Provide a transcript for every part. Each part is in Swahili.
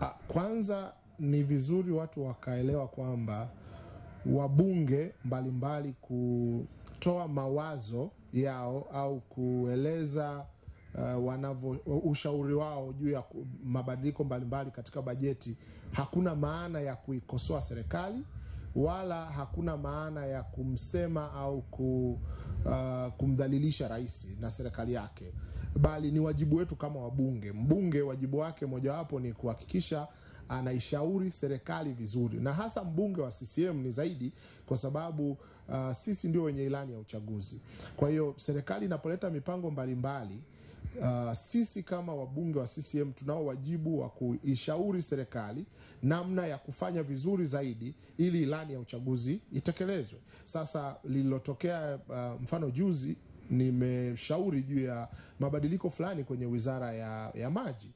Ah, kwanza ni vizuri watu wakaelewa kwamba wabunge mbalimbali kutoa mawazo yao au kueleza uh, wanavyo ushauri wao juu ya mabadiliko mbalimbali katika bajeti, hakuna maana ya kuikosoa serikali wala hakuna maana ya kumsema au ku, uh, kumdhalilisha rais na serikali yake, bali ni wajibu wetu kama wabunge. Mbunge wajibu wake mojawapo ni kuhakikisha anaishauri serikali vizuri, na hasa mbunge wa CCM ni zaidi, kwa sababu uh, sisi ndio wenye ilani ya uchaguzi. Kwa hiyo serikali inapoleta mipango mbalimbali mbali, Uh, sisi kama wabunge wa CCM tunao wajibu wa kuishauri serikali namna ya kufanya vizuri zaidi ili ilani ya uchaguzi itekelezwe. Sasa lililotokea uh, mfano juzi nimeshauri juu ya mabadiliko fulani kwenye wizara ya, ya maji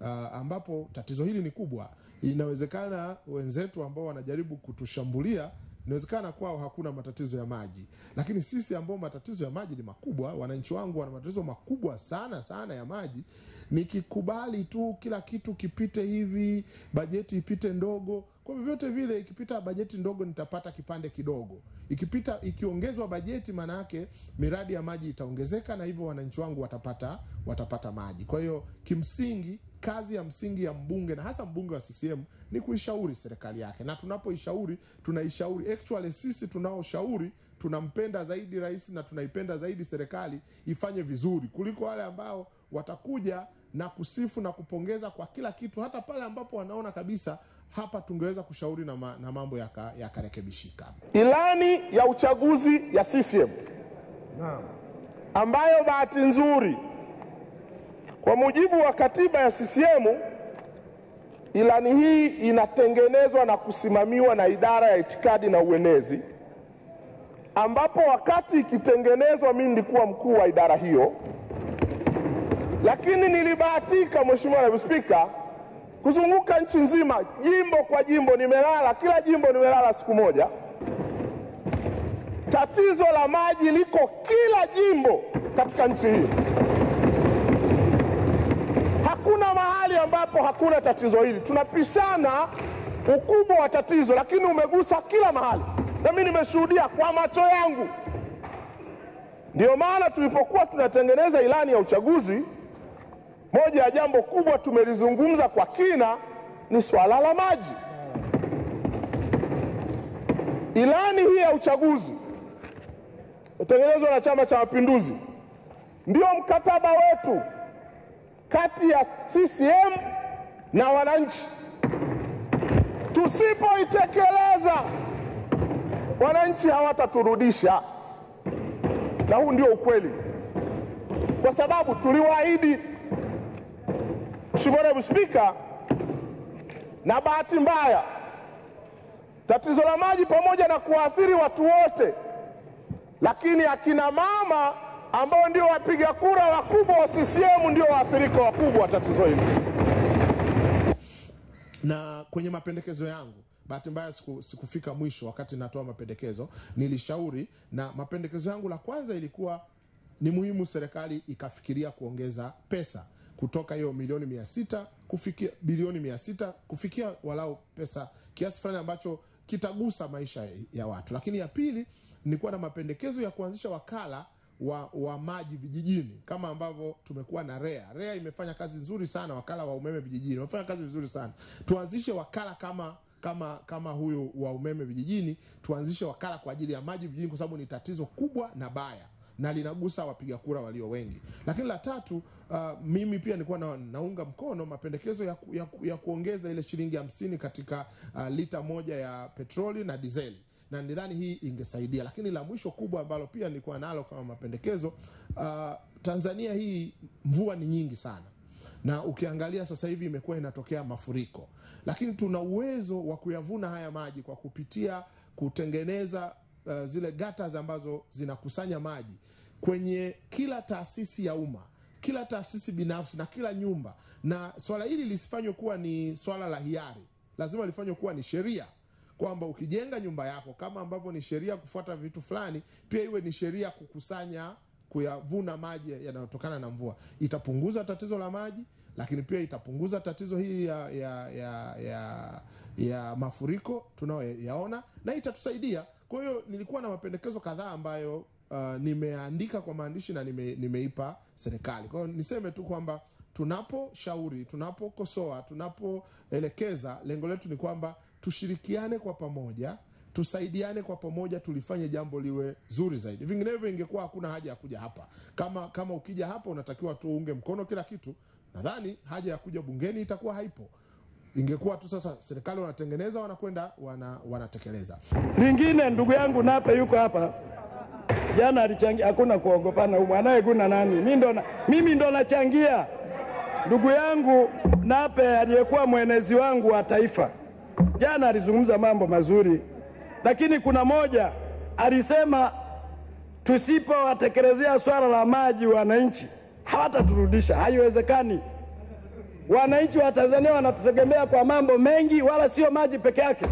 uh, ambapo tatizo hili ni kubwa. Inawezekana wenzetu ambao wanajaribu kutushambulia Inawezekana kwao hakuna matatizo ya maji, lakini sisi ambao matatizo ya maji ni makubwa, wananchi wangu wana matatizo makubwa sana sana ya maji. Nikikubali tu kila kitu kipite hivi, bajeti ipite ndogo, kwa vyovyote vile, ikipita bajeti ndogo nitapata kipande kidogo, ikipita ikiongezwa bajeti, maana yake miradi ya maji itaongezeka, na hivyo wananchi wangu watapata watapata maji. Kwa hiyo kimsingi kazi ya msingi ya mbunge na hasa mbunge wa CCM ni kuishauri serikali yake, na tunapoishauri tunaishauri actually, sisi tunaoshauri tunampenda zaidi rais na tunaipenda zaidi serikali ifanye vizuri kuliko wale ambao watakuja na kusifu na kupongeza kwa kila kitu, hata pale ambapo wanaona kabisa hapa tungeweza kushauri na, ma, na mambo yakarekebishika. ya ilani ya uchaguzi ya CCM ambayo bahati nzuri kwa mujibu wa katiba ya CCM, ilani hii inatengenezwa na kusimamiwa na idara ya itikadi na uenezi, ambapo wakati ikitengenezwa mimi nilikuwa mkuu wa idara hiyo, lakini nilibahatika, Mheshimiwa Naibu Spika, kuzunguka nchi nzima, jimbo kwa jimbo, nimelala kila jimbo, nimelala siku moja. Tatizo la maji liko kila jimbo katika nchi hii. hapo hakuna tatizo hili. Tunapishana ukubwa wa tatizo, lakini umegusa kila mahali, na mimi nimeshuhudia kwa macho yangu. Ndiyo maana tulipokuwa tunatengeneza ilani ya uchaguzi, moja ya jambo kubwa tumelizungumza kwa kina ni swala la maji. Ilani hii ya uchaguzi utengenezwa na Chama cha Mapinduzi, ndio mkataba wetu kati ya CCM na wananchi. Tusipoitekeleza, wananchi hawataturudisha, na huu ndio ukweli, kwa sababu tuliwaahidi, Mheshimiwa Naibu Spika, na bahati mbaya tatizo la maji pamoja na kuathiri watu wote, lakini akina mama ambao ndio wapiga kura wakubwa wa CCM ndio waathirika wakubwa wa tatizo hili na kwenye mapendekezo yangu bahati mbaya siku, sikufika mwisho wakati natoa mapendekezo nilishauri na mapendekezo yangu la kwanza ilikuwa ni muhimu serikali ikafikiria kuongeza pesa kutoka hiyo milioni mia sita kufikia bilioni mia sita kufikia walau pesa kiasi fulani ambacho kitagusa maisha ya watu lakini ya pili nilikuwa na mapendekezo ya kuanzisha wakala wa, wa maji vijijini kama ambavyo tumekuwa na REA. REA imefanya kazi nzuri sana, wakala wa umeme vijijini wamefanya kazi vizuri sana. Tuanzishe wakala kama kama kama huyu wa umeme vijijini, tuanzishe wakala kwa ajili ya maji vijijini, kwa sababu ni tatizo kubwa na baya na linagusa wapiga kura walio wengi. Lakini la tatu, uh, mimi pia nilikuwa na, naunga mkono mapendekezo ya, ku, ya, ku, ya kuongeza ile shilingi hamsini katika uh, lita moja ya petroli na dizeli na nidhani hii ingesaidia. Lakini la mwisho kubwa ambalo pia nilikuwa nalo kama mapendekezo uh, Tanzania hii mvua ni nyingi sana na ukiangalia sasa hivi imekuwa inatokea mafuriko, lakini tuna uwezo wa kuyavuna haya maji kwa kupitia kutengeneza uh, zile gatas ambazo zinakusanya maji kwenye kila taasisi ya umma kila taasisi binafsi na kila nyumba, na swala hili lisifanywe kuwa ni swala la hiari, lazima lifanywe kuwa ni sheria kwamba ukijenga nyumba yako kama ambavyo ni sheria kufuata vitu fulani, pia iwe ni sheria kukusanya kuyavuna maji yanayotokana na mvua. Itapunguza tatizo la maji, lakini pia itapunguza tatizo hii ya ya ya ya, ya mafuriko tunayoyaona na itatusaidia. Kwa hiyo nilikuwa na mapendekezo kadhaa ambayo uh, nimeandika kwa maandishi na nime, nimeipa serikali. Kwa hiyo niseme tu kwamba tunaposhauri, tunapokosoa, tunapoelekeza, lengo letu ni kwamba tushirikiane kwa pamoja, tusaidiane kwa pamoja, tulifanye jambo liwe zuri zaidi. Vinginevyo ingekuwa hakuna haja ya kuja hapa. Kama kama ukija hapa unatakiwa tu unge mkono kila kitu, nadhani haja ya kuja bungeni itakuwa haipo. Ingekuwa tu sasa serikali wanatengeneza, wanakwenda wana, wanatekeleza. Lingine ndugu yangu Nape yuko hapa jana alichangia, hakuna kuogopana huko, anayeguna nani? Mimi ndo mimi ndo nachangia. Ndugu yangu Nape aliyekuwa mwenezi wangu wa taifa Jana alizungumza mambo mazuri, lakini kuna moja alisema, tusipowatekelezea swala la maji wananchi hawataturudisha. Haiwezekani. Wananchi wa Tanzania wanatutegemea kwa mambo mengi, wala sio maji peke yake,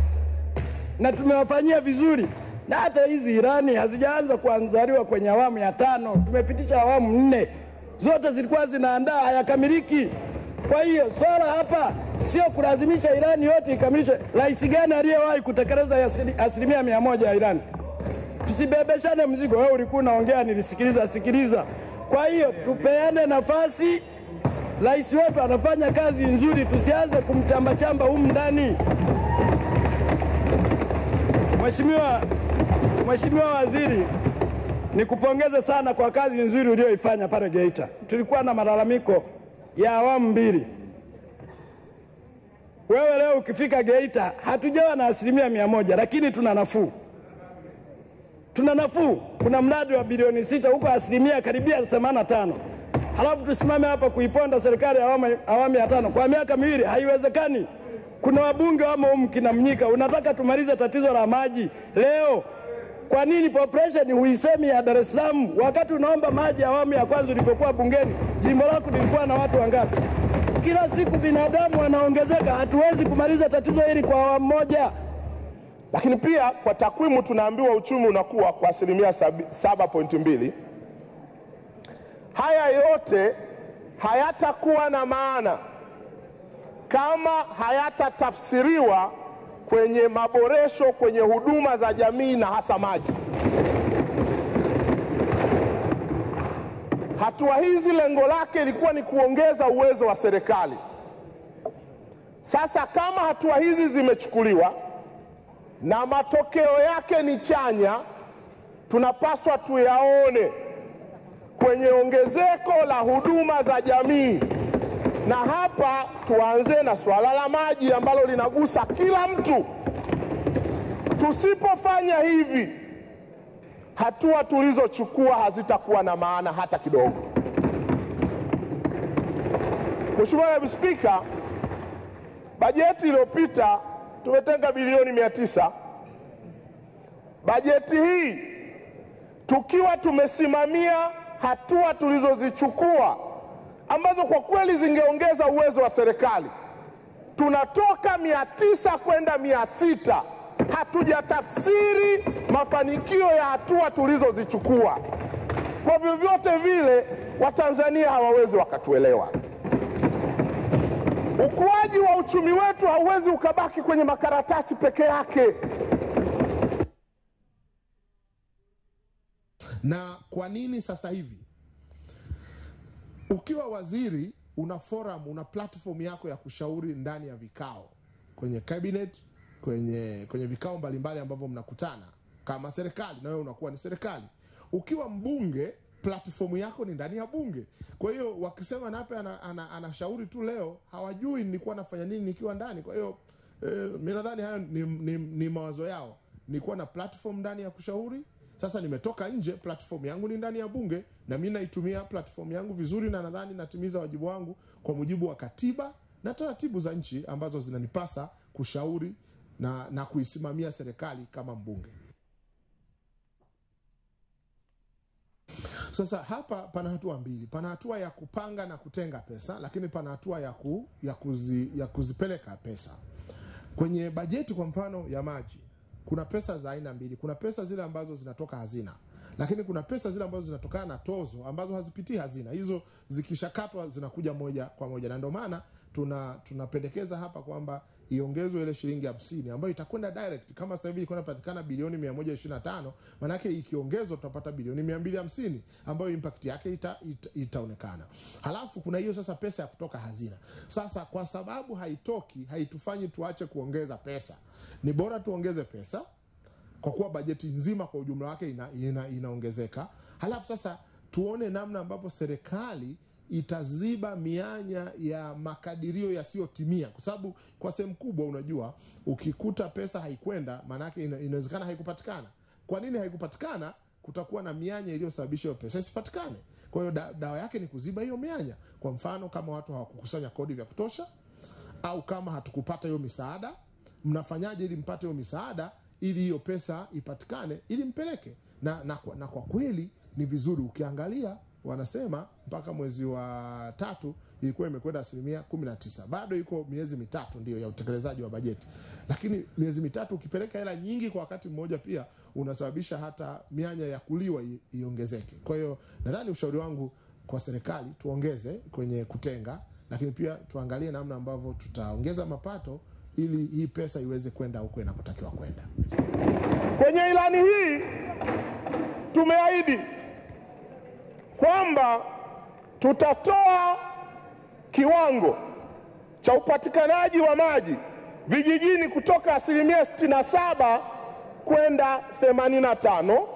na tumewafanyia vizuri, na hata hizi irani hazijaanza kuanzaliwa kwenye awamu ya tano, tumepitisha awamu nne, zote zilikuwa zinaandaa, hayakamiliki. Kwa hiyo swala hapa sio kulazimisha Irani yote ikamilishwe. Rais gani aliyewahi kutekeleza asilimia mia moja ya Irani? Tusibebeshane mzigo. Wewe ulikuwa unaongea, nilisikiliza sikiliza. Kwa hiyo tupeane nafasi, rais wetu anafanya kazi nzuri, tusianze kumchambachamba humu ndani. Mheshimiwa, Mheshimiwa Waziri, nikupongeze sana kwa kazi nzuri uliyoifanya pale Geita. Tulikuwa na malalamiko ya awamu mbili. Wewe leo ukifika Geita, hatujawa na asilimia mia moja, lakini tuna nafuu, tuna nafuu. Kuna mradi wa bilioni sita huko, asilimia karibia tano, Halafu tusimame hapa kuiponda serikali ya awamu ya tano kwa miaka miwili, haiwezekani. Kuna wabunge wamo humu kina Mnyika, unataka tumalize tatizo la maji leo. Kwa nini population huisemi ya Dar es Salaam wakati unaomba maji awamu ya kwanza ulipokuwa bungeni? Jimbo lako lilikuwa na watu wangapi? kila siku binadamu wanaongezeka, hatuwezi kumaliza tatizo hili kwa awamu moja. Lakini pia kwa takwimu tunaambiwa uchumi unakuwa kwa asilimia 7.2. Haya yote hayatakuwa na maana kama hayatatafsiriwa kwenye maboresho kwenye huduma za jamii na hasa maji. Hatua hizi lengo lake ilikuwa ni kuongeza uwezo wa serikali. Sasa kama hatua hizi zimechukuliwa na matokeo yake ni chanya, tunapaswa tuyaone kwenye ongezeko la huduma za jamii, na hapa tuanze na suala la maji ambalo linagusa kila mtu. Tusipofanya hivi hatua tulizochukua hazitakuwa na maana hata kidogo. Mheshimiwa Naibu Spika, bajeti iliyopita tumetenga bilioni mia tisa. Bajeti hii tukiwa tumesimamia hatua tulizozichukua ambazo kwa kweli zingeongeza uwezo wa serikali, tunatoka mia tisa kwenda mia sita hatujatafsiri mafanikio ya hatua tulizozichukua. Kwa vyovyote vile, Watanzania hawawezi wakatuelewa. Ukuaji wa uchumi wetu hauwezi ukabaki kwenye makaratasi peke yake. Na kwa nini sasa hivi ukiwa waziri una forum, una platform yako ya kushauri ndani ya vikao kwenye cabinet kwenye, kwenye vikao mbalimbali ambavyo mnakutana kama serikali, na wewe unakuwa ni serikali. Ukiwa mbunge, platformu yako ni ndani ya bunge. Kwa hiyo wakisema Nape anashauri ana, ana tu leo, hawajui nilikuwa nafanya nini nikiwa ndani. Kwa hiyo eh, mi nadhani hayo ni, ni, ni mawazo yao. Nilikuwa na platform ndani ya kushauri sasa nimetoka nje, platform yangu ni ndani ya bunge na mi naitumia platform yangu vizuri, na nadhani natimiza wajibu wangu kwa mujibu wa katiba na taratibu za nchi ambazo zinanipasa kushauri na, na kuisimamia serikali kama mbunge. Sasa hapa pana hatua mbili, pana hatua ya kupanga na kutenga pesa, lakini pana hatua ya, ku, ya, kuzi, ya kuzipeleka pesa kwenye bajeti. Kwa mfano ya maji, kuna pesa za aina mbili. Kuna pesa zile ambazo zinatoka hazina, lakini kuna pesa zile ambazo zinatokana na tozo ambazo hazipitii hazina. Hizo zikishakatwa zinakuja moja kwa moja, na ndio maana tuna tunapendekeza hapa kwamba iongezwe ile shilingi hamsini ambayo itakwenda direct kama sasa hivi ilikuwa inapatikana bilioni 125, manake ikiongezwa tutapata bilioni 250 ambayo impact yake ita, ita, itaonekana. Halafu kuna hiyo sasa pesa ya kutoka hazina. Sasa kwa sababu haitoki, haitufanyi tuache kuongeza pesa. Ni bora tuongeze pesa kwa kuwa bajeti nzima kwa ujumla wake inaongezeka ina, ina halafu sasa tuone namna ambavyo serikali itaziba mianya ya makadirio yasiyotimia, kwa sababu kwa sehemu kubwa, unajua ukikuta pesa haikwenda, maanake inawezekana haikupatikana. Kwa nini haikupatikana? Kutakuwa na mianya iliyosababisha hiyo pesa isipatikane. Kwa hiyo da, dawa yake ni kuziba hiyo mianya. Kwa mfano, kama watu hawakukusanya kodi vya kutosha, au kama hatukupata hiyo misaada, mnafanyaje ili mpate hiyo misaada ili hiyo pesa ipatikane ili mpeleke na, na, na kwa kweli ni vizuri ukiangalia wanasema mpaka mwezi wa tatu ilikuwa imekwenda asilimia 19. Bado iko miezi mitatu ndio ya utekelezaji wa bajeti, lakini miezi mitatu ukipeleka hela nyingi kwa wakati mmoja, pia unasababisha hata mianya ya kuliwa iongezeke. Kwa hiyo nadhani ushauri wangu kwa serikali, tuongeze kwenye kutenga, lakini pia tuangalie namna ambavyo tutaongeza mapato ili hii pesa iweze kwenda huko inakotakiwa kwenda. Kwenye ilani hii tumeahidi kwamba tutatoa kiwango cha upatikanaji wa maji vijijini kutoka asilimia 67 kwenda 85.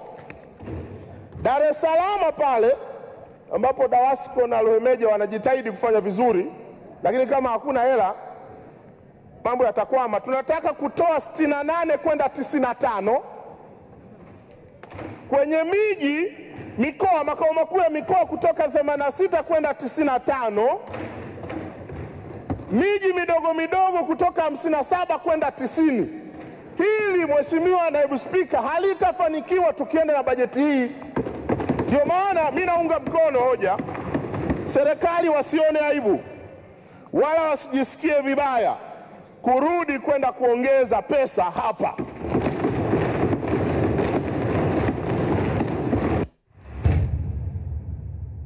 Dar es Salaam pale ambapo Dawasco na luhemeja wanajitahidi kufanya vizuri, lakini kama hakuna hela mambo yatakwama. Tunataka kutoa 68 kwenda 95 kwenye miji mikoa, makao makuu ya mikoa kutoka 86 kwenda 95, miji midogo midogo kutoka 57 kwenda 90. Hili Mheshimiwa Naibu Spika, halitafanikiwa tukienda na bajeti hii. Ndio maana mi naunga mkono hoja, serikali wasione aibu wala wasijisikie vibaya kurudi kwenda kuongeza pesa hapa.